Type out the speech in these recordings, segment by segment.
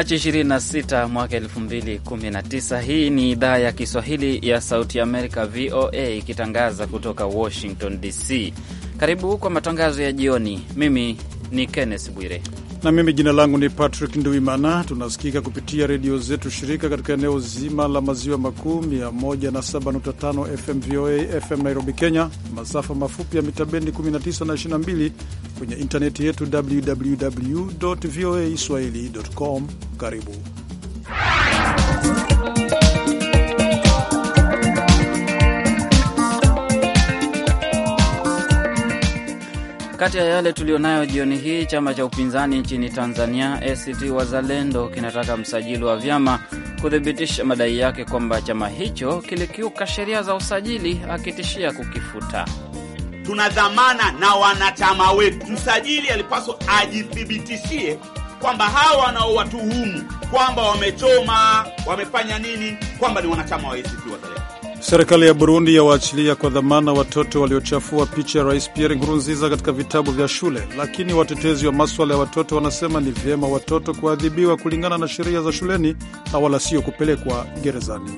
Machi 26 mwaka 2019. Hii ni idhaa ya Kiswahili ya Sauti ya Amerika, VOA, ikitangaza kutoka Washington DC. Karibu kwa matangazo ya jioni. Mimi ni Kenneth Bwire na mimi jina langu ni Patrick Nduimana. Tunasikika kupitia redio zetu shirika katika eneo zima la maziwa makuu, 107.5 FM VOA FM Nairobi, Kenya, masafa mafupi ya mitabendi 19 na 22, kwenye intaneti yetu www voa swahili com. Karibu Kati ya yale tuliyonayo jioni hii, chama cha upinzani nchini Tanzania ACT Wazalendo kinataka msajili wa vyama kuthibitisha madai yake kwamba chama hicho kilikiuka sheria za usajili, akitishia kukifuta. Tuna dhamana na wanachama wetu. Msajili alipaswa ajithibitishie kwamba hawa wanaowatuhumu kwamba wamechoma, wamefanya nini, kwamba ni wanachama wa ACT Wazalendo. Serikali ya Burundi yawaachilia kwa dhamana watoto waliochafua picha ya Rais Pierre Nkurunziza katika vitabu vya shule, lakini watetezi wa maswala ya watoto wanasema ni vyema watoto kuadhibiwa kulingana na sheria za shuleni na wala sio kupelekwa gerezani.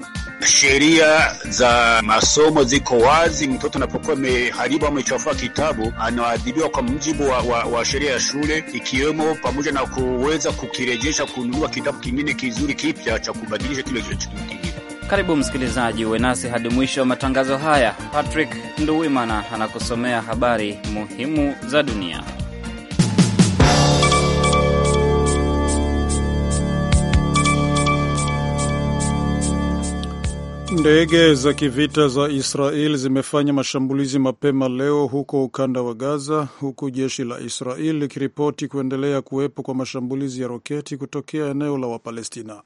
Sheria za masomo ziko wazi. Mtoto anapokuwa ameharibu au amechafua kitabu anaadhibiwa kwa mujibu wa, wa, wa sheria ya shule, ikiwemo pamoja na kuweza kukirejesha, kununua kitabu kingine kizuri kipya cha kubadilisha kile kingine. Karibu msikilizaji, uwe nasi hadi mwisho wa matangazo haya. Patrick Nduwimana anakusomea habari muhimu za dunia. Ndege za kivita za Israel zimefanya mashambulizi mapema leo huko ukanda wa Gaza, huku jeshi la Israel likiripoti kuendelea kuwepo kwa mashambulizi ya roketi kutokea eneo la Wapalestina.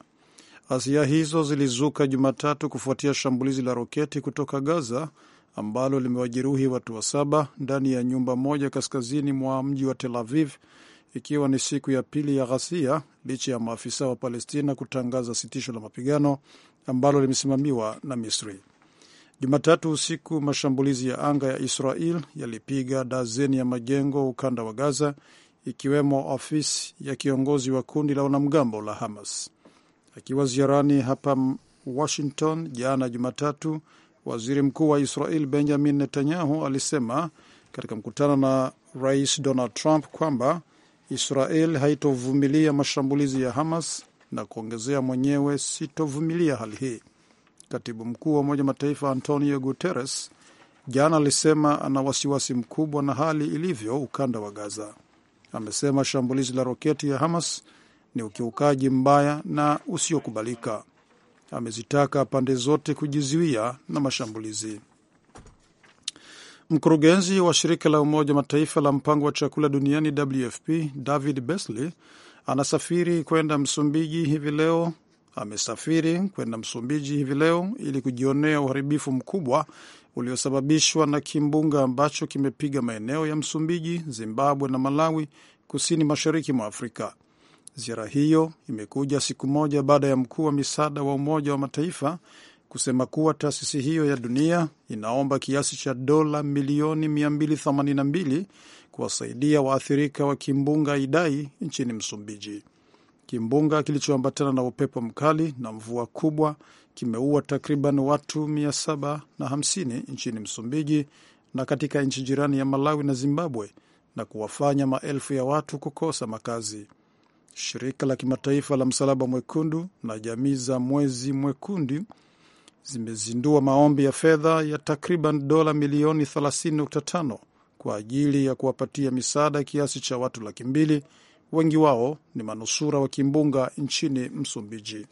Ghasia hizo zilizuka Jumatatu kufuatia shambulizi la roketi kutoka Gaza ambalo limewajeruhi watu wa saba ndani ya nyumba moja kaskazini mwa mji wa Tel Aviv, ikiwa ni siku ya pili ya ghasia licha ya maafisa wa Palestina kutangaza sitisho la mapigano ambalo limesimamiwa na Misri. Jumatatu usiku, mashambulizi ya anga ya Israel yalipiga dazeni ya majengo ukanda wa Gaza, ikiwemo ofisi ya kiongozi wa kundi la wanamgambo la Hamas. Akiwa ziarani hapa Washington jana Jumatatu, waziri mkuu wa Israel Benjamin Netanyahu alisema katika mkutano na rais Donald Trump kwamba Israel haitovumilia mashambulizi ya Hamas na kuongezea, mwenyewe sitovumilia hali hii. Katibu mkuu wa Umoja Mataifa Antonio Guterres jana alisema ana wasiwasi mkubwa na hali ilivyo ukanda wa Gaza. Amesema shambulizi la roketi ya Hamas ni ukiukaji mbaya na usiokubalika. Amezitaka pande zote kujizuia na mashambulizi. Mkurugenzi wa shirika la Umoja Mataifa la mpango wa chakula duniani WFP David Beasley anasafiri kwenda Msumbiji hivi leo amesafiri kwenda Msumbiji hivi leo ili kujionea uharibifu mkubwa uliosababishwa na kimbunga ambacho kimepiga maeneo ya Msumbiji, Zimbabwe na Malawi kusini mashariki mwa Afrika. Ziara hiyo imekuja siku moja baada ya mkuu wa misaada wa Umoja wa Mataifa kusema kuwa taasisi hiyo ya dunia inaomba kiasi cha dola milioni 282 kuwasaidia waathirika wa kimbunga Idai nchini Msumbiji. Kimbunga kilichoambatana na upepo mkali na mvua kubwa kimeua takriban watu 750 nchini Msumbiji na katika nchi jirani ya Malawi na Zimbabwe na kuwafanya maelfu ya watu kukosa makazi. Shirika la kimataifa la Msalaba Mwekundu na jamii za Mwezi Mwekundu zimezindua maombi ya fedha ya takriban dola milioni 30.5 kwa ajili ya kuwapatia misaada kiasi cha watu laki mbili, wengi wao ni manusura wa kimbunga nchini Msumbiji.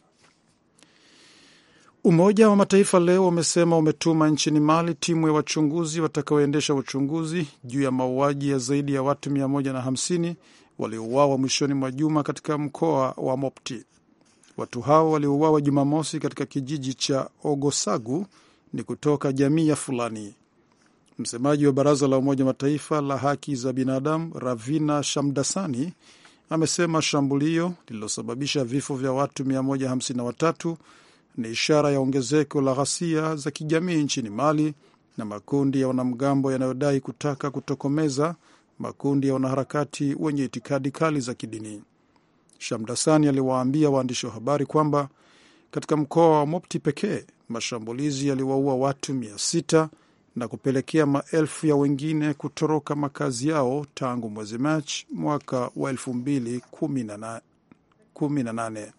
Umoja wa Mataifa leo umesema umetuma nchini Mali timu ya wachunguzi watakaoendesha uchunguzi juu ya mauaji ya zaidi ya watu 150 waliouawa mwishoni mwa juma katika mkoa wa Mopti. Watu hao waliouawa Jumamosi katika kijiji cha Ogosagu ni kutoka jamii ya Fulani. Msemaji wa baraza la Umoja Mataifa la haki za binadamu Ravina Shamdasani amesema shambulio lililosababisha vifo vya watu 153 ni ishara ya ongezeko la ghasia za kijamii nchini Mali na makundi ya wanamgambo yanayodai kutaka kutokomeza makundi ya wanaharakati wenye itikadi kali za kidini. Shamdasani aliwaambia waandishi wa habari kwamba katika mkoa wa Mopti pekee mashambulizi yaliwaua watu mia sita na kupelekea maelfu ya wengine kutoroka makazi yao tangu mwezi Machi mwaka wa nane.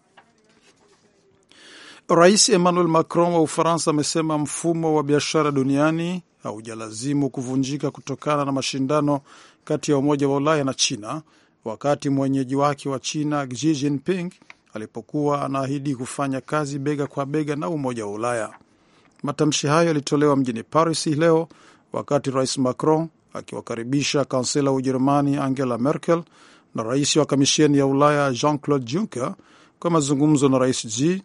Rais Emmanuel Macron wa Ufaransa amesema mfumo wa biashara duniani haujalazimu kuvunjika kutokana na mashindano kati ya Umoja wa Ulaya na China wakati mwenyeji wake wa China Xi Jinping alipokuwa anaahidi kufanya kazi bega kwa bega na Umoja wa Ulaya. Matamshi hayo yalitolewa mjini Paris leo wakati Rais Macron akiwakaribisha kansela wa Ujerumani Angela Merkel na rais wa Kamisheni ya Ulaya Jean Claude Juncker kwa mazungumzo na Rais Xi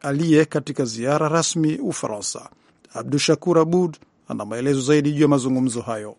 aliye katika ziara rasmi Ufaransa. Abdu Shakur Abud ana maelezo zaidi juu ya mazungumzo hayo.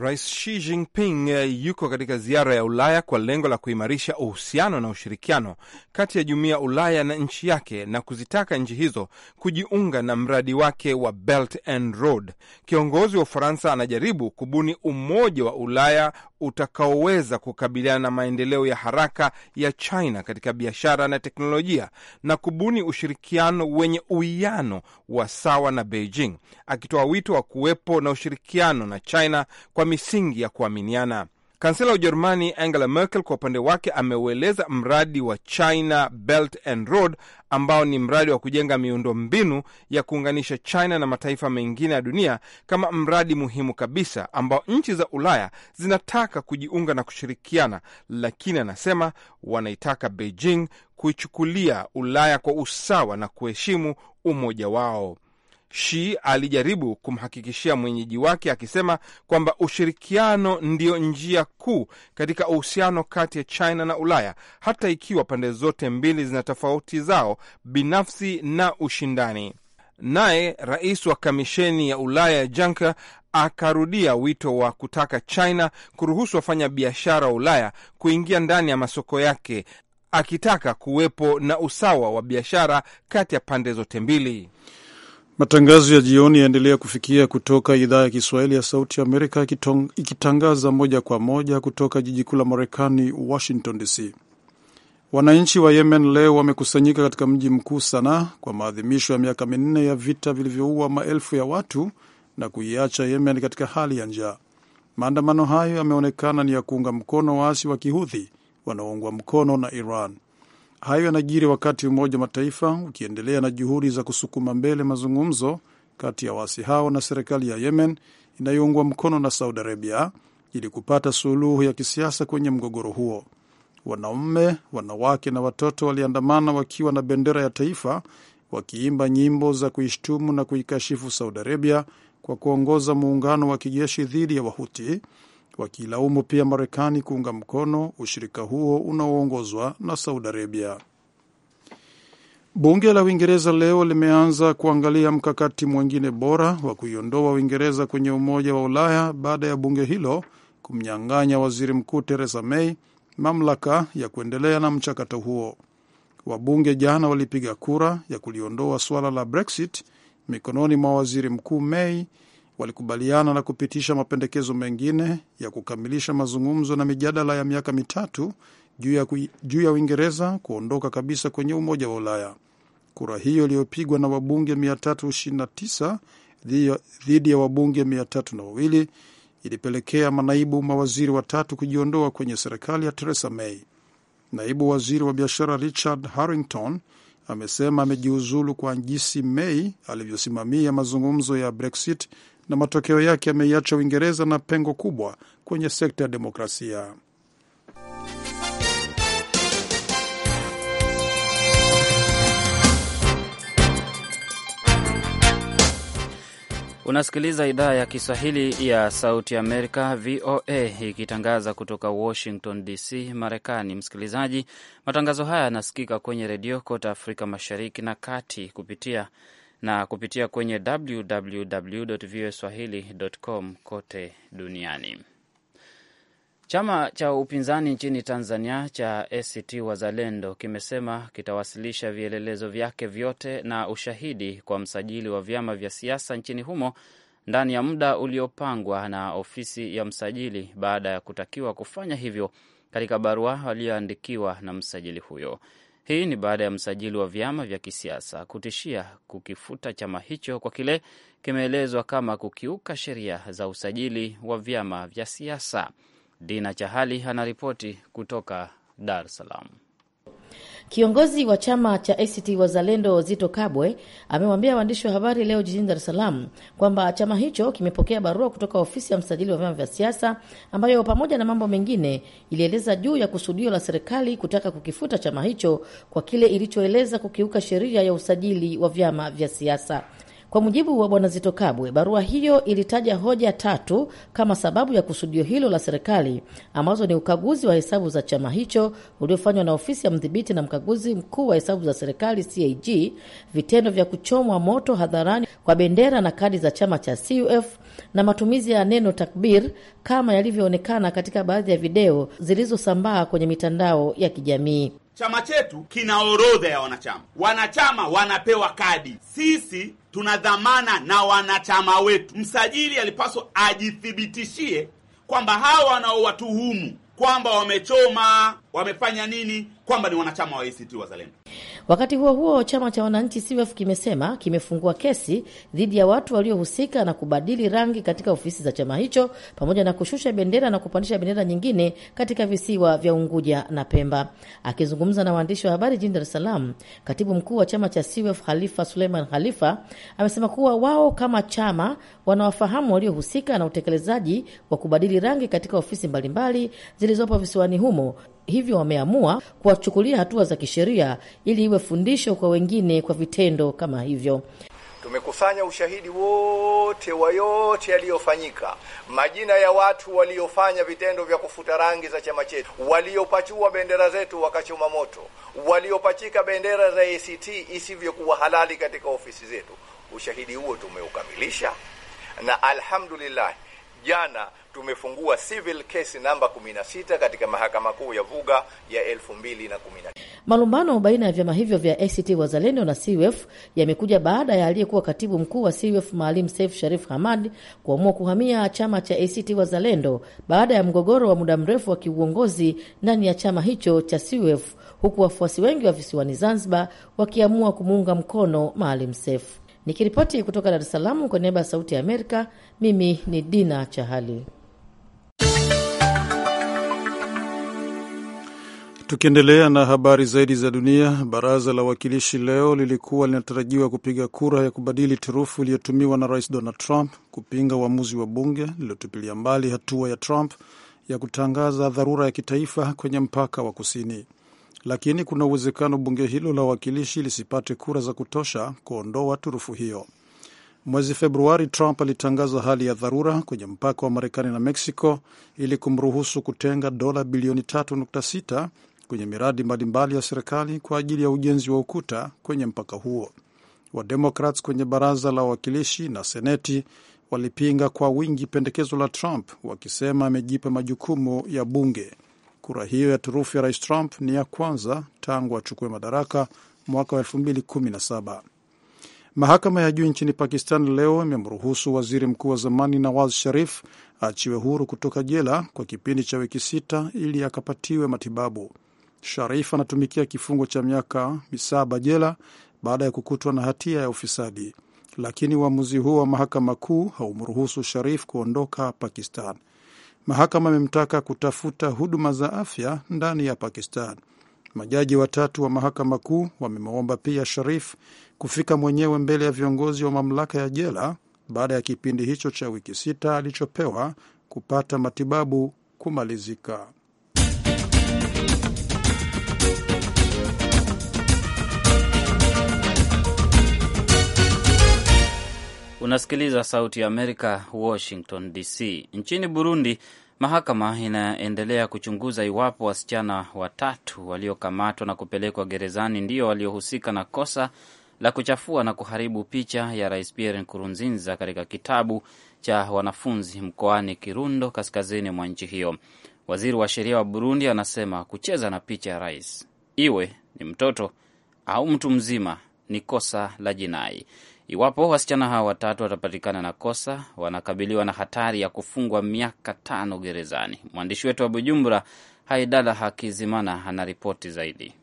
Rais Xi Jinping eh, yuko katika ziara ya Ulaya kwa lengo la kuimarisha uhusiano na ushirikiano kati ya jumuiya ya Ulaya na nchi yake na kuzitaka nchi hizo kujiunga na mradi wake wa Belt and Road. Kiongozi wa Ufaransa anajaribu kubuni umoja wa Ulaya utakaoweza kukabiliana na maendeleo ya haraka ya China katika biashara na teknolojia na kubuni ushirikiano wenye uwiano wa sawa na Beijing, akitoa wito wa kuwepo na ushirikiano na China kwa misingi ya kuaminiana. Kansela wa Ujerumani Angela Merkel kwa upande wake ameueleza mradi wa China Belt and Road ambao ni mradi wa kujenga miundo mbinu ya kuunganisha China na mataifa mengine ya dunia kama mradi muhimu kabisa ambao nchi za Ulaya zinataka kujiunga na kushirikiana, lakini anasema wanaitaka Beijing kuichukulia Ulaya kwa usawa na kuheshimu umoja wao. Shi alijaribu kumhakikishia mwenyeji wake akisema kwamba ushirikiano ndiyo njia kuu katika uhusiano kati ya China na Ulaya, hata ikiwa pande zote mbili zina tofauti zao binafsi na ushindani. Naye rais wa kamisheni ya Ulaya Juncker akarudia wito wa kutaka China kuruhusu wafanya biashara wa Ulaya kuingia ndani ya masoko yake, akitaka kuwepo na usawa wa biashara kati ya pande zote mbili. Matangazo ya jioni yaendelea kufikia kutoka idhaa ya Kiswahili ya Sauti ya Amerika ikitangaza moja kwa moja kutoka jiji kuu la Marekani, Washington DC. Wananchi wa Yemen leo wamekusanyika katika mji mkuu Sanaa kwa maadhimisho ya miaka minne ya vita vilivyoua maelfu ya watu na kuiacha Yemen katika hali ya njaa. Maandamano hayo yameonekana ni ya kuunga mkono waasi wa Kihudhi wanaoungwa mkono na Iran. Hayo yanajiri wakati Umoja wa Mataifa ukiendelea na juhudi za kusukuma mbele mazungumzo kati ya waasi hao na serikali ya Yemen inayoungwa mkono na Saudi Arabia ili kupata suluhu ya kisiasa kwenye mgogoro huo. Wanaume, wanawake na watoto waliandamana wakiwa na bendera ya taifa wakiimba nyimbo za kuishtumu na kuikashifu Saudi Arabia kwa kuongoza muungano wa kijeshi dhidi ya Wahuti wakilaumu pia Marekani kuunga mkono ushirika huo unaoongozwa na Saudi Arabia. Bunge la Uingereza leo limeanza kuangalia mkakati mwingine bora wa kuiondoa Uingereza kwenye Umoja wa Ulaya baada ya bunge hilo kumnyang'anya waziri mkuu Theresa May mamlaka ya kuendelea na mchakato huo. Wabunge jana walipiga kura ya kuliondoa suala la Brexit mikononi mwa waziri mkuu May walikubaliana na kupitisha mapendekezo mengine ya kukamilisha mazungumzo na mijadala ya miaka mitatu juu ya Uingereza kuondoka kabisa kwenye Umoja wa Ulaya. Kura hiyo iliyopigwa na wabunge 329 dhidi ya wabunge 302 ilipelekea manaibu mawaziri watatu kujiondoa kwenye serikali ya Theresa May. Naibu waziri wa biashara Richard Harrington amesema amejiuzulu kwa jinsi May alivyosimamia mazungumzo ya Brexit na matokeo yake yameiacha Uingereza na pengo kubwa kwenye sekta ya demokrasia. Unasikiliza idhaa ya Kiswahili ya Sauti Amerika, VOA, ikitangaza kutoka Washington DC, Marekani. Msikilizaji, matangazo haya yanasikika kwenye redio kote Afrika Mashariki na Kati kupitia na kupitia kwenye www www.voaswahili.com kote duniani. Chama cha upinzani nchini Tanzania cha ACT Wazalendo kimesema kitawasilisha vielelezo vyake vyote na ushahidi kwa msajili wa vyama vya siasa nchini humo ndani ya muda uliopangwa na ofisi ya msajili baada ya kutakiwa kufanya hivyo katika barua waliyoandikiwa na msajili huyo. Hii ni baada ya msajili wa vyama vya kisiasa kutishia kukifuta chama hicho kwa kile kimeelezwa kama kukiuka sheria za usajili wa vyama vya siasa. Dina Chahali anaripoti kutoka Dar es Salaam. Kiongozi wa chama cha ACT Wazalendo Zito Kabwe amewaambia waandishi wa habari leo jijini Dar es Salaam kwamba chama hicho kimepokea barua kutoka ofisi ya msajili wa vyama vya siasa ambayo pamoja na mambo mengine ilieleza juu ya kusudio la serikali kutaka kukifuta chama hicho kwa kile ilichoeleza kukiuka sheria ya usajili wa vyama vya siasa. Kwa mujibu wa Bwana Zito Kabwe, barua hiyo ilitaja hoja tatu kama sababu ya kusudio hilo la serikali ambazo ni ukaguzi wa hesabu za chama hicho uliofanywa na ofisi ya mdhibiti na mkaguzi mkuu wa hesabu za serikali CAG, vitendo vya kuchomwa moto hadharani kwa bendera na kadi za chama cha CUF na matumizi ya neno takbir kama yalivyoonekana katika baadhi ya video zilizosambaa kwenye mitandao ya kijamii chama chetu kina orodha ya wanachama. Wanachama wanapewa kadi, sisi tuna dhamana na wanachama wetu. Msajili alipaswa ajithibitishie kwamba hawa wanaowatuhumu kwamba wamechoma wamefanya nini, kwamba ni wanachama wa ACT Wazalendo. Wakati huo huo, chama cha wananchi CUF kimesema kimefungua kesi dhidi ya watu waliohusika na kubadili rangi katika ofisi za chama hicho pamoja na kushusha bendera na kupandisha bendera nyingine katika visiwa vya Unguja na Pemba. Akizungumza na waandishi wa habari jijini Dar es Salaam, katibu mkuu wa chama cha CUF Khalifa Suleiman Khalifa amesema kuwa wao kama chama wanawafahamu waliohusika na utekelezaji wa kubadili rangi katika ofisi mbalimbali zilizopo visiwani humo hivyo wameamua kuwachukulia hatua za kisheria ili iwe fundisho kwa wengine kwa vitendo kama hivyo. Tumekusanya ushahidi wote wa yote yaliyofanyika, majina ya watu waliofanya vitendo vya kufuta rangi za chama chetu, waliopachua bendera zetu wakachoma moto, waliopachika bendera za ACT isivyokuwa halali katika ofisi zetu. Ushahidi huo tumeukamilisha na alhamdulillahi jana tumefungua civil case namba 16 katika mahakama kuu ya Vuga ya 2010. Malumbano baina ya vyama hivyo vya ACT Wazalendo na CUF yamekuja baada ya aliyekuwa katibu mkuu wa CUF Maalim Seif Sharif Hamad kuamua kuhamia chama cha ACT Wazalendo baada ya mgogoro wa muda mrefu wa kiuongozi ndani ya chama hicho cha CUF, huku wafuasi wengi wa visiwani Zanzibar wakiamua kumuunga mkono Maalim Seif. Nikiripoti kutoka Dar es Salaam kwa niaba ya Sauti ya Amerika, mimi ni Dina Chahali. Tukiendelea na habari zaidi za dunia, baraza la wawakilishi leo lilikuwa linatarajiwa kupiga kura ya kubadili turufu iliyotumiwa na Rais Donald Trump kupinga uamuzi wa bunge lililotupilia mbali hatua ya Trump ya kutangaza dharura ya kitaifa kwenye mpaka wa kusini lakini kuna uwezekano bunge hilo la wawakilishi lisipate kura za kutosha kuondoa turufu hiyo. Mwezi Februari, Trump alitangaza hali ya dharura kwenye mpaka wa Marekani na Mexico ili kumruhusu kutenga dola bilioni 3.6 kwenye miradi mbalimbali ya serikali kwa ajili ya ujenzi wa ukuta kwenye mpaka huo. Wademokrats kwenye baraza la wawakilishi na seneti walipinga kwa wingi pendekezo la Trump, wakisema amejipa majukumu ya bunge. Kura hiyo ya turufu ya rais Trump ni ya kwanza tangu achukue madaraka mwaka wa 2017. Mahakama ya juu nchini Pakistan leo imemruhusu waziri mkuu wa zamani Nawaz Sharif achiwe huru kutoka jela kwa kipindi cha wiki sita ili akapatiwe matibabu. Sharif anatumikia kifungo cha miaka misaba jela baada ya kukutwa na hatia ya ufisadi, lakini uamuzi huo wa mahakama kuu haumruhusu Sharif kuondoka Pakistan. Mahakama imemtaka kutafuta huduma za afya ndani ya Pakistan. Majaji watatu wa mahakama kuu wamemwomba pia Sharif kufika mwenyewe mbele ya viongozi wa mamlaka ya jela baada ya kipindi hicho cha wiki sita alichopewa kupata matibabu kumalizika. Unasikiliza Sauti ya Amerika, Washington DC. Nchini Burundi, mahakama inaendelea kuchunguza iwapo wasichana watatu waliokamatwa na kupelekwa gerezani ndio waliohusika na kosa la kuchafua na kuharibu picha ya Rais Pierre Nkurunziza katika kitabu cha wanafunzi mkoani Kirundo, kaskazini mwa nchi hiyo. Waziri wa sheria wa Burundi anasema kucheza na picha ya rais, iwe ni mtoto au mtu mzima, ni kosa la jinai. Iwapo wasichana hao watatu watapatikana na kosa, wanakabiliwa na hatari ya kufungwa miaka tano gerezani. Mwandishi wetu wa Bujumbura, Haidala Hakizimana, anaripoti zaidi.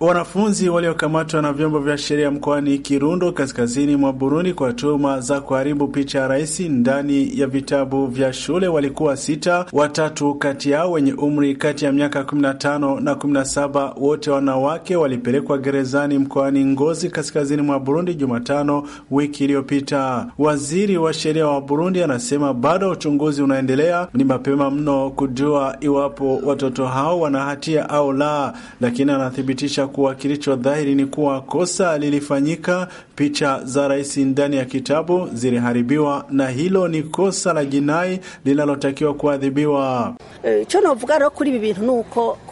Wanafunzi waliokamatwa na vyombo vya sheria mkoani Kirundo kaskazini mwa Burundi kwa tuhuma za kuharibu picha ya rais ndani ya vitabu vya shule walikuwa sita, watatu kati yao wenye umri kati ya miaka 15 na 17, wote wanawake, walipelekwa gerezani mkoani Ngozi kaskazini mwa Burundi Jumatano wiki iliyopita. Waziri wa sheria wa Burundi anasema bado uchunguzi unaendelea, ni mapema mno kujua iwapo watoto hao wana hatia au la, lakini anathibitisha kuwa kilicho dhahiri ni kuwa kosa lilifanyika. Picha za rais ndani ya kitabu ziliharibiwa, na hilo ni kosa la jinai linalotakiwa kuadhibiwa. Eh,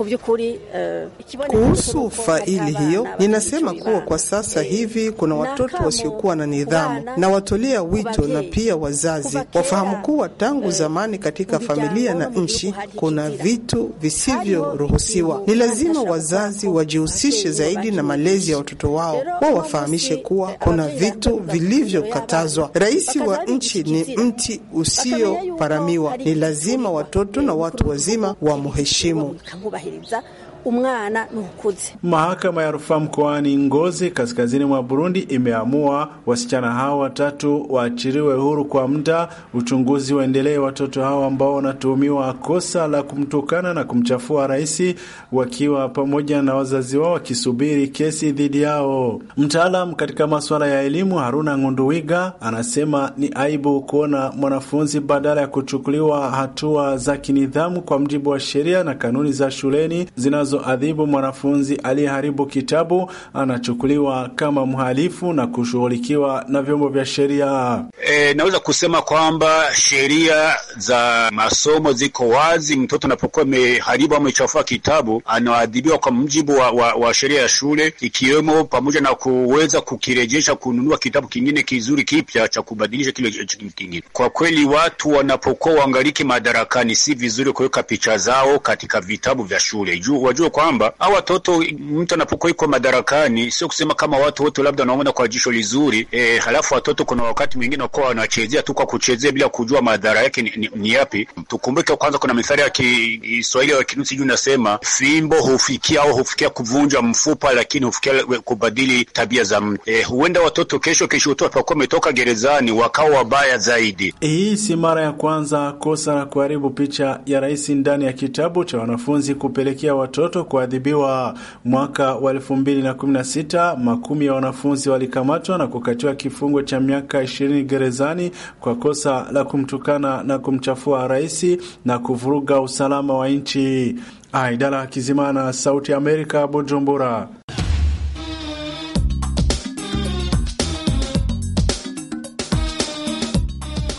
eh, Kuhusu faili hiyo, ninasema kuwa kwa sasa eh, hivi kuna watoto wasiokuwa na nidhamu, na watolea wito na pia wazazi wafahamu kuwa tangu zamani katika familia na nchi kuna vitu visivyoruhusiwa. Ni lazima wazazi wajihusi wajihusishe zaidi na malezi ya watoto wao, wao wafahamishe kuwa kuna vitu vilivyokatazwa. Rais wa nchi ni mti usioparamiwa, ni lazima watoto na watu wazima wamheshimu umwana nukuze. Mahakama ya rufaa mkoani Ngozi kaskazini mwa Burundi imeamua wasichana hao watatu waachiriwe huru kwa muda, uchunguzi waendelee watoto hao ambao wanatuhumiwa kosa la kumtukana na kumchafua rais, wakiwa pamoja na wazazi wao wakisubiri kesi dhidi yao. Mtaalam katika masuala ya elimu Haruna Ngunduwiga anasema ni aibu kuona mwanafunzi badala ya kuchukuliwa hatua za kinidhamu kwa mjibu wa sheria na kanuni za shuleni zinazo zinazoadhibu mwanafunzi aliyeharibu kitabu anachukuliwa kama mhalifu na kushughulikiwa na vyombo vya sheria. E, naweza kusema kwamba sheria za masomo ziko wazi. Mtoto anapokuwa ameharibu amechafua kitabu anaadhibiwa kwa mujibu wa, wa, wa sheria ya shule ikiwemo pamoja na kuweza kukirejesha, kununua kitabu kingine kizuri kipya cha kubadilisha kile kingine. Kwa kweli watu wanapokuwa waangaliki madarakani, si vizuri kuweka picha zao katika vitabu vya shule juu tujue kwamba au watoto, mtu anapokuwa iko madarakani, sio kusema kama watu wote labda wanaona kwa jisho lizuri e, halafu watoto kuna wakati mwingine wakuwa wanachezea tu kwa kuchezea bila kujua madhara yake ni, ni, ni yapi. Tukumbuke kwanza, kuna mithali ya Kiswahili ya Kirusi juu nasema fimbo hufikia au hufikia kuvunja mfupa, lakini hufikia kubadili tabia za mtu e, huenda watoto kesho kesho tu watakuwa wametoka gerezani wakao wabaya zaidi. E, hii si mara ya kwanza kosa la kuharibu picha ya rais ndani ya kitabu cha wanafunzi kupelekea watoto watoto kuadhibiwa. Mwaka wa sita makumi ya wanafunzi walikamatwa na kukatiwa kifungo cha miaka ishirini gerezani kwa kosa la kumtukana na kumchafua rais na kuvuruga usalama wa nchi. Aidala Kizimana, Sauti ya Amerika, Bujumbura.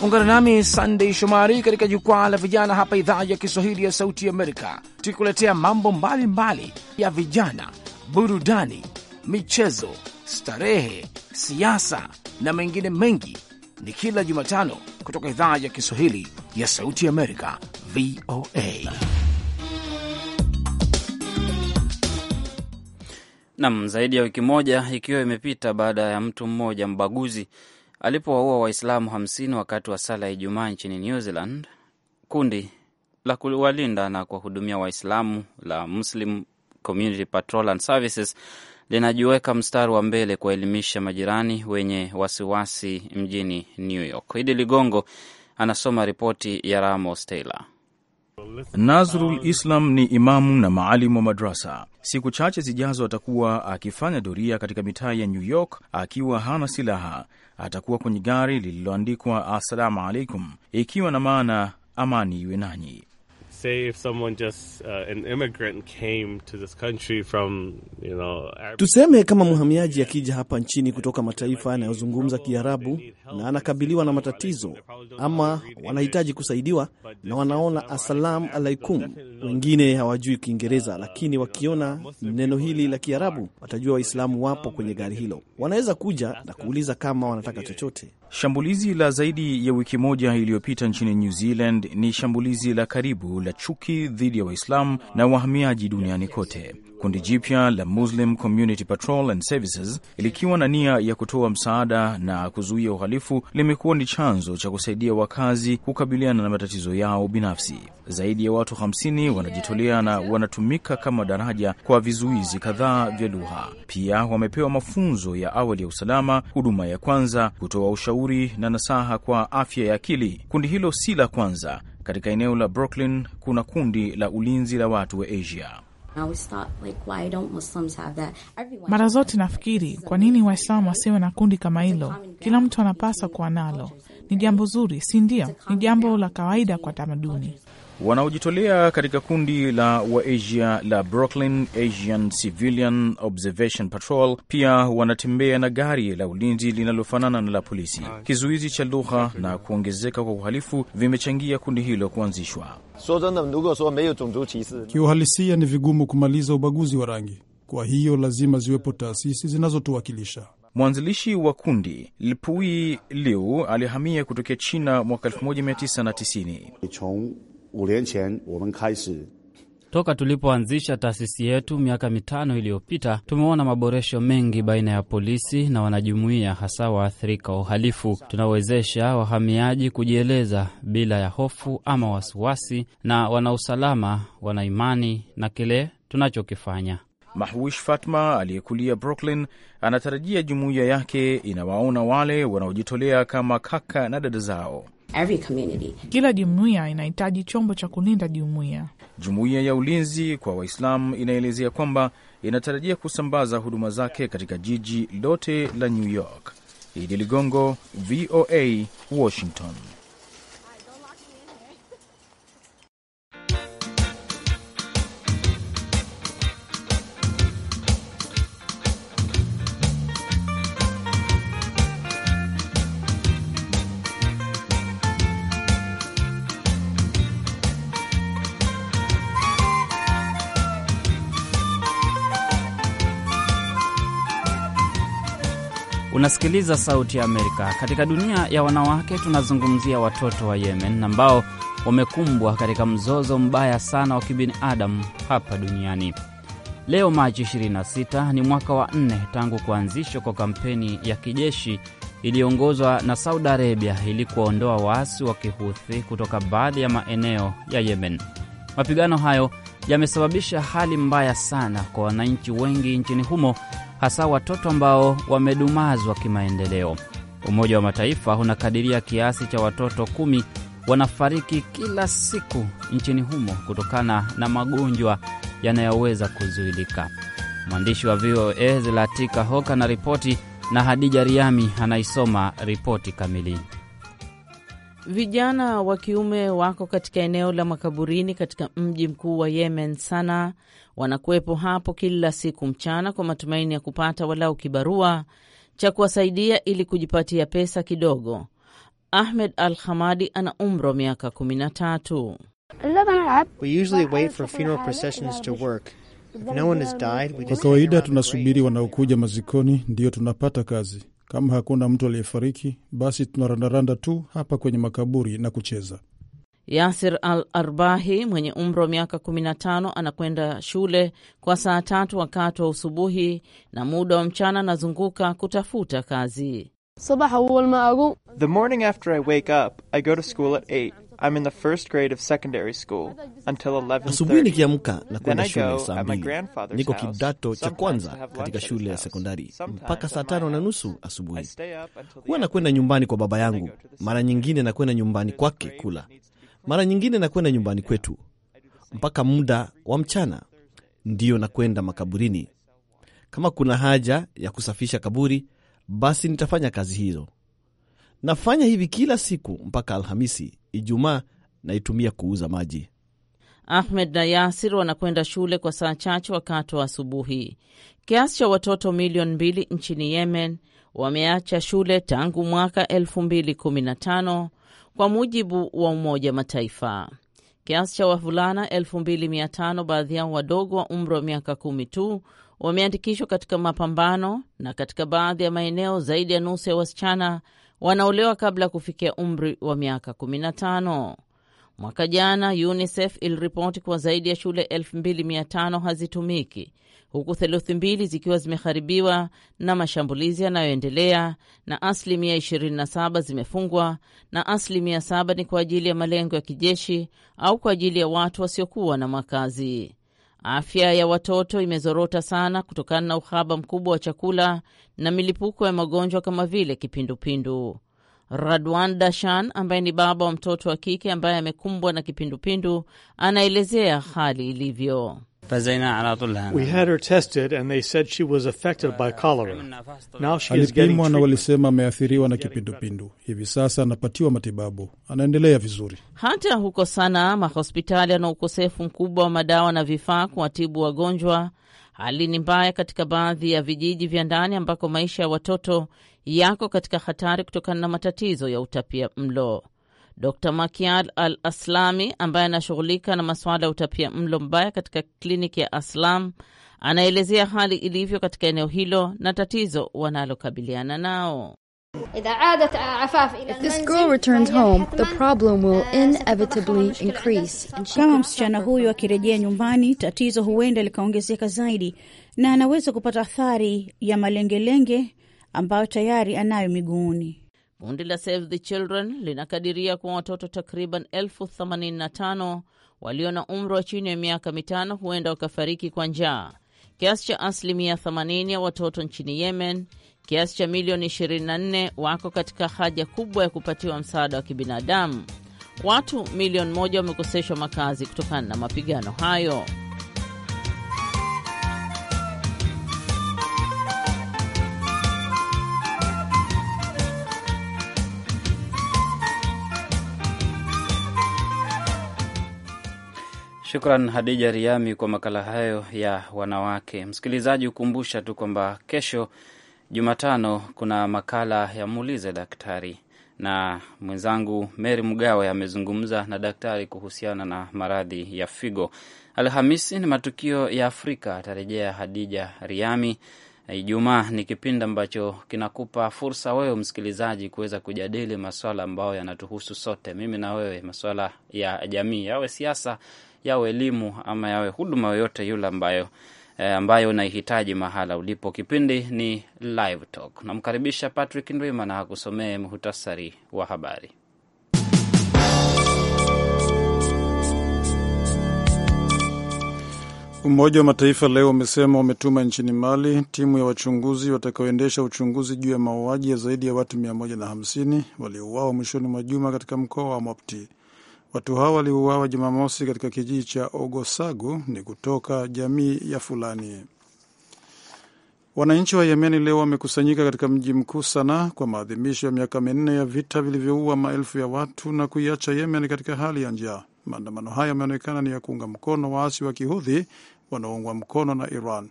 Ungana nami Sandey Shomari katika jukwaa la vijana hapa idhaa ya Kiswahili ya Sauti Amerika, tukikuletea mambo mbalimbali mbali ya vijana, burudani, michezo, starehe, siasa na mengine mengi. Ni kila Jumatano kutoka idhaa ya Kiswahili ya Sauti Amerika, VOA. Nam, zaidi ya wiki moja ikiwa imepita baada ya mtu mmoja mbaguzi alipowaua Waislamu 50 wakati wa sala ya Ijumaa nchini New Zealand. Kundi la kuwalinda na kuwahudumia Waislamu la Muslim Community Patrol and Services linajiweka mstari wa mbele kuwaelimisha majirani wenye wasiwasi mjini New York. Idi Ligongo anasoma ripoti ya Ramos Taylor. Nazrul Islam ni imamu na maalimu wa madrasa. Siku chache zijazo atakuwa akifanya doria katika mitaa ya New York akiwa hana silaha atakuwa kwenye gari lililoandikwa assalamu alaikum, ikiwa na maana amani iwe nanyi. Uh, Tuseme kama mhamiaji akija hapa nchini kutoka mataifa yanayozungumza Kiarabu na anakabiliwa na matatizo ama wanahitaji kusaidiwa na wanaona assalam alaikum. Wengine hawajui Kiingereza, lakini wakiona neno hili la Kiarabu watajua Waislamu wapo kwenye gari hilo, wanaweza kuja na kuuliza kama wanataka chochote. Shambulizi la zaidi ya wiki moja iliyopita nchini New Zealand ni shambulizi la karibu la chuki dhidi ya Waislamu na wahamiaji duniani kote. Kundi jipya la Muslim Community Patrol and Services likiwa na nia ya kutoa msaada na kuzuia uhalifu limekuwa ni chanzo cha kusaidia wakazi kukabiliana na matatizo yao binafsi. Zaidi ya watu 50 wanajitolea na wanatumika kama daraja kwa vizuizi kadhaa vya lugha. Pia wamepewa mafunzo ya awali ya usalama, huduma ya kwanza, kutoa ushauri na nasaha kwa afya ya akili. Kundi hilo si la kwanza katika eneo la Brooklyn kuna kundi la ulinzi la watu wa Asia. Mara zote nafikiri kwa nini Waislamu wasiwe na kundi kama hilo? Kila mtu anapaswa kuwa nalo. Ni jambo zuri, si ndio? Ni jambo la kawaida kwa tamaduni wanaojitolea katika kundi la waasia la Brooklyn Asian Civilian Observation Patrol pia wanatembea na gari la ulinzi linalofanana na la polisi. Kizuizi cha lugha na kuongezeka kwa uhalifu vimechangia kundi hilo kuanzishwa. Kiuhalisia, ni vigumu kumaliza ubaguzi wa rangi, kwa hiyo lazima ziwepo taasisi zinazotuwakilisha. Mwanzilishi wa kundi Lipui Liu alihamia kutokea China mwaka 1990. 五年前我们开始 Toka tulipoanzisha taasisi yetu miaka mitano iliyopita tumeona maboresho mengi baina ya polisi na wanajumuiya, hasa waathirika wa uhalifu. Tunawezesha wahamiaji kujieleza bila ya hofu ama wasiwasi, na wanausalama wana imani na kile tunachokifanya. Mahwish Fatma aliyekulia Brooklyn anatarajia jumuiya yake inawaona wale wanaojitolea kama kaka na dada zao. Every community. Kila jumuiya inahitaji chombo cha kulinda jumuiya. Jumuiya ya ulinzi kwa Waislamu inaelezea kwamba inatarajia kusambaza huduma zake katika jiji lote la New York. Idi Ligongo, VOA, Washington. Unasikiliza Sauti ya Amerika. Katika dunia ya wanawake, tunazungumzia watoto wa Yemen ambao wamekumbwa katika mzozo mbaya sana wa kibinadamu hapa duniani. Leo Machi 26 ni mwaka wa nne tangu kuanzishwa kwa kampeni ya kijeshi iliyoongozwa na Saudi Arabia ili kuwaondoa waasi wa Kihuthi kutoka baadhi ya maeneo ya Yemen. Mapigano hayo yamesababisha hali mbaya sana kwa wananchi wengi nchini humo hasa watoto ambao wamedumazwa kimaendeleo. Umoja wa Mataifa unakadiria kiasi cha watoto kumi wanafariki kila siku nchini humo kutokana na magonjwa yanayoweza kuzuilika. Mwandishi wa VOA Zlatika Hoka na ripoti na Hadija Riami anaisoma ripoti kamili. Vijana wa kiume wako katika eneo la makaburini katika mji mkuu wa Yemen, Sana. Wanakuwepo hapo kila siku mchana kwa matumaini ya kupata walau kibarua cha kuwasaidia ili kujipatia pesa kidogo. Ahmed Al Hamadi ana umri wa miaka kumi na tatu. Kwa kawaida tunasubiri wanaokuja mazikoni, ndiyo tunapata kazi kama hakuna mtu aliyefariki, basi tunarandaranda tu hapa kwenye makaburi na kucheza. Yasir Al Arbahi mwenye umri wa miaka 15 anakwenda shule kwa saa tatu wakati wa usubuhi na muda wa mchana anazunguka kutafuta kazi. The morning after I wake up, I go to school at Asubuhi nikiamka na kwenda shule saa mbili, niko kidato cha kwanza katika shule ya sekondari mpaka saa tano na nusu asubuhi. Huwa nakwenda nyumbani kwa baba yangu, mara nyingine nakwenda nyumbani kwake kula, mara nyingine nakwenda nyumbani kwetu mpaka muda wa mchana, ndiyo nakwenda makaburini. Kama kuna haja ya kusafisha kaburi, basi nitafanya kazi hizo. Nafanya hivi kila siku mpaka Alhamisi Ijumaa naitumia kuuza maji. Ahmed na Yasir wanakwenda shule kwa saa chache wakati wa asubuhi. Kiasi cha watoto milioni mbili nchini Yemen wameacha shule tangu mwaka 2015 kwa mujibu wa Umoja Mataifa. Kiasi cha wavulana 2500 baadhi yao wadogo wa umri wa miaka kumi tu wameandikishwa katika mapambano, na katika baadhi ya maeneo zaidi ya nusu ya wasichana wanaolewa kabla ya kufikia umri wa miaka 15. Mwaka jana UNICEF iliripoti kuwa zaidi ya shule 2500 hazitumiki huku theluthi mbili zikiwa zimeharibiwa na mashambulizi yanayoendelea, na asilimia 27 zimefungwa na asilimia 7 ni kwa ajili ya malengo ya kijeshi au kwa ajili ya watu wasiokuwa na makazi. Afya ya watoto imezorota sana kutokana na uhaba mkubwa wa chakula na milipuko ya magonjwa kama vile kipindupindu. Radwan Dashan ambaye ni baba wa mtoto wa kike ambaye amekumbwa na kipindupindu anaelezea hali ilivyo. Alipimwa na walisema ameathiriwa na kipindupindu. Hivi sasa anapatiwa matibabu, anaendelea vizuri. Hata huko Sanaa, mahospitali yana ukosefu mkubwa wa madawa na vifaa kuwatibu wagonjwa. Hali ni mbaya katika baadhi ya vijiji vya ndani ambako maisha ya watoto yako katika hatari kutokana na matatizo ya utapia mlo. Dr makial Al Aslami ambaye anashughulika na masuala ya utapia mlo mbaya katika kliniki ya Aslam anaelezea hali ilivyo katika eneo hilo na tatizo wanalokabiliana nao. Kama msichana huyu akirejea nyumbani, tatizo huenda likaongezeka zaidi, na anaweza kupata athari ya malengelenge ambayo tayari anayo miguuni. Kundi la Save the Children linakadiria kuwa watoto takriban elfu walio na umri wa chini ya miaka mitano huenda wakafariki kwa njaa, kiasi cha asilimia 80 ya watoto nchini Yemen. Kiasi cha milioni 24 wako katika haja kubwa ya kupatiwa msaada wa kibinadamu. Watu milioni moja wamekoseshwa makazi kutokana na mapigano hayo. Shukran Hadija Riami kwa makala hayo ya wanawake. Msikilizaji, hukumbusha tu kwamba kesho Jumatano kuna makala ya muulize daktari, na mwenzangu Meri Mgawe amezungumza na daktari kuhusiana na maradhi ya figo. Alhamisi ni matukio ya Afrika, atarejea Hadija Riami. Ijumaa ni kipindi ambacho kinakupa fursa wewe msikilizaji kuweza kujadili maswala ambayo yanatuhusu sote, mimi na wewe, maswala ya jamii, yawe siasa yawe elimu ama yawe huduma yoyote yule ambayo eh, ambayo unaihitaji mahala ulipo. Kipindi ni Live Talk. Namkaribisha Patrick Ndwimana akusomee muhtasari wa habari. Umoja wa Mataifa leo umesema umetuma nchini Mali timu ya wachunguzi watakaoendesha uchunguzi juu ya mauaji ya zaidi ya watu 150 waliouawa mwishoni mwa juma katika mkoa wa Mopti. Watu hao waliuawa Jumamosi katika kijiji cha Ogosagu ni kutoka jamii ya Fulani. Wananchi wa Yemeni leo wamekusanyika katika mji mkuu sana kwa maadhimisho ya miaka minne ya vita vilivyoua maelfu ya watu na kuiacha Yemen katika hali ya njaa. Maandamano hayo yameonekana ni ya kuunga mkono waasi wa kihudhi wanaoungwa mkono na Iran.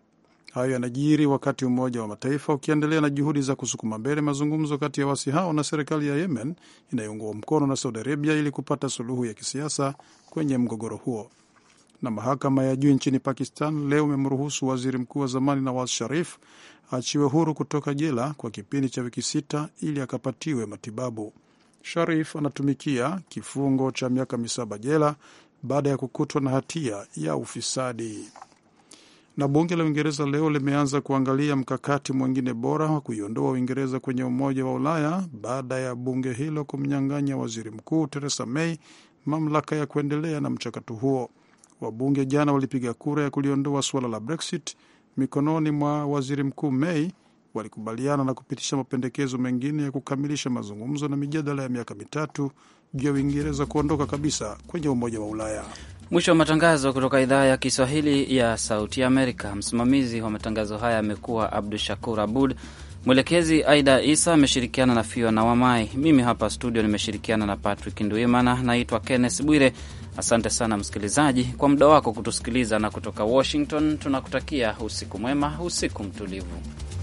Hayo yanajiri wakati Umoja wa Mataifa ukiendelea na juhudi za kusukuma mbele mazungumzo kati ya wasi hao na serikali ya Yemen inayoungwa mkono na Saudi Arabia ili kupata suluhu ya kisiasa kwenye mgogoro huo. Na mahakama ya juu nchini Pakistan leo imemruhusu waziri mkuu wa zamani Nawaz Sharif achiwe huru kutoka jela kwa kipindi cha wiki sita ili akapatiwe matibabu. Sharif anatumikia kifungo cha miaka misaba jela baada ya kukutwa na hatia ya ufisadi na bunge la Uingereza leo limeanza kuangalia mkakati mwingine bora wa kuiondoa Uingereza kwenye Umoja wa Ulaya baada ya bunge hilo kumnyang'anya waziri mkuu Theresa May mamlaka ya kuendelea na mchakato huo. Wabunge jana walipiga kura ya kuliondoa suala la Brexit mikononi mwa waziri mkuu May. Walikubaliana na kupitisha mapendekezo mengine ya kukamilisha mazungumzo na mijadala ya miaka mitatu juu ya Uingereza kuondoka kabisa kwenye Umoja wa Ulaya. Mwisho wa matangazo kutoka idhaa ya Kiswahili ya Sauti Amerika. Msimamizi wa matangazo haya amekuwa Abdu Shakur Abud, mwelekezi Aida Isa ameshirikiana na Fiona Wamai. Mimi hapa studio nimeshirikiana na Patrick Ndwimana. Naitwa Kenneth Bwire. Asante sana msikilizaji kwa muda wako kutusikiliza, na kutoka Washington tunakutakia usiku mwema, usiku mtulivu.